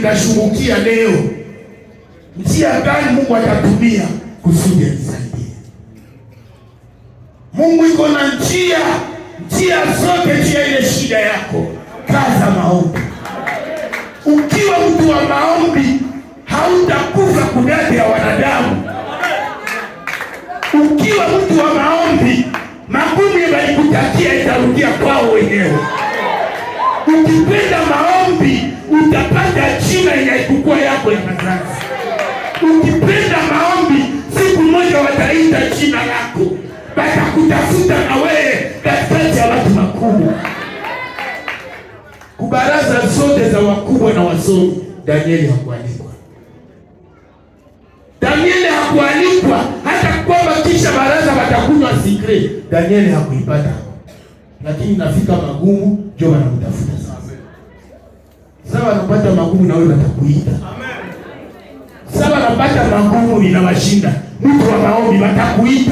ninashughukia leo, njia gani Mungu atatumia kusudi anisaidie? Mungu iko na njia, njia zote njia ile shida yako. Kaza maombi. Ukiwa mtu wa maombi, hautakufa kunadi ya wanadamu. Ukiwa mtu wa maombi, makumi walikujakia itarudia kwao wenyewe. Ukipenda maombi utapata jina inaikukua yako inazazi. Ukipenda maombi siku moja wataita jina lako, watakutafuta na wewe katikati ya watu wakubwa, kubaraza zote za wakubwa na wasomi. Danieli hakualikwa, Danieli hakualikwa hata kwamba kisha baraza watakunywa sikre. Danieli hakuipata, lakini nafika magumu, ndio wanamtafuta Sawa napata magumu na wewe watakuita. Amen. Sawa napata magumu ninawashinda. Mtu wa maombi watakuita.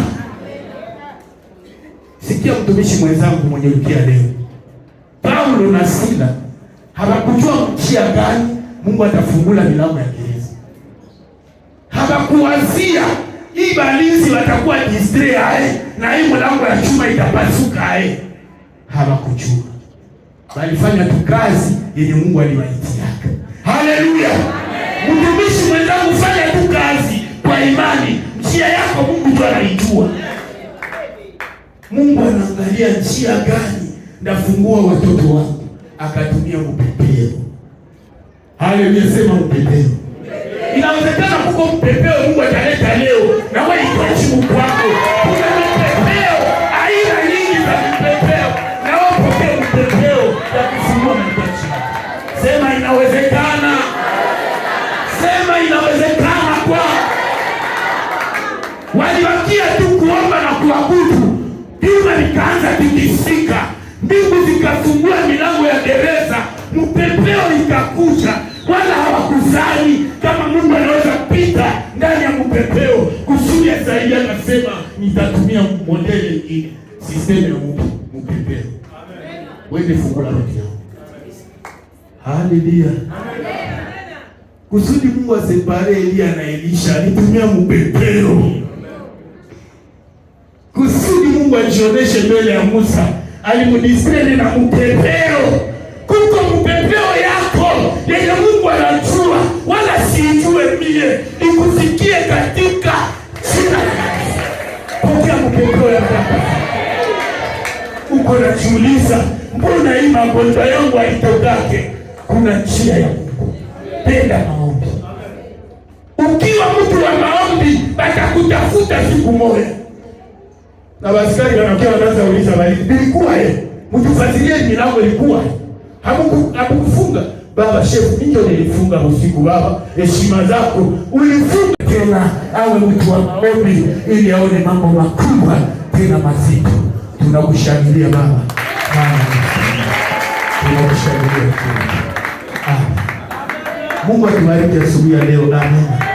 Sikia mtumishi mwenzangu mwenye ukia leo. Paulo na Sila hawakujua mchia gani Mungu atafungula milango ya gereza. Hawakuwazia hii balinzi watakuwa distray ae na hii mlango ya chuma itapasuka eh. Hawakujua alifanya tu kazi yenye Mungu aliwahitiaka. Haleluya! Mtumishi mwenzangu, fanya tu kazi kwa imani. Njia yako Mungu ndiye anaijua. Mungu anaangalia njia gani ndafungua watoto wangu, akatumia upepeo. Haleluya! Sema upepeo. Inawezekana kuko mpepeo kama inawezekana Waliwakia tu kuomba na kuabudu, vyuma likaanza kutisika, mbingu zikafungua milango ya gereza, mpepeo ikakuja, wala hawakuzani kama Mungu anaweza kupita ndani ya mpepeo. Kusudi zaidi anasema nitatumia modeli nyingine, sisteme ya mpepeo. Wende fungula roho yako. Haleluya kusudi Mungu asepare Elia na Elisha, alitumia mupepeo kusudi Mungu ajioneshe mbele ya Musa, alimudisteni na mupepeo Kuko mupepeo yako yenye Mungu anajua, wala siijue mie, ikusikie katika jina pokea ya baba. Uko najiuliza mbona hii magonjwa yangu haitokake? Kuna njia ya Mungu, penda ukiwa mtu wa maombi, batakutafuta siku moja. Na basikari wanakuwa wanaanza kuuliza bali ilikuwa eh, mtufasilie milango ilikuwa hamuku hakufunga baba shefu, ndio nilifunga usiku baba, heshima zako ulifunga tena. Awe mtu wa maombi ili aone mambo makubwa tena mazito. Tunakushangilia baba, tunakushangilia. Mungu atubariki asubuhi ya leo, amen.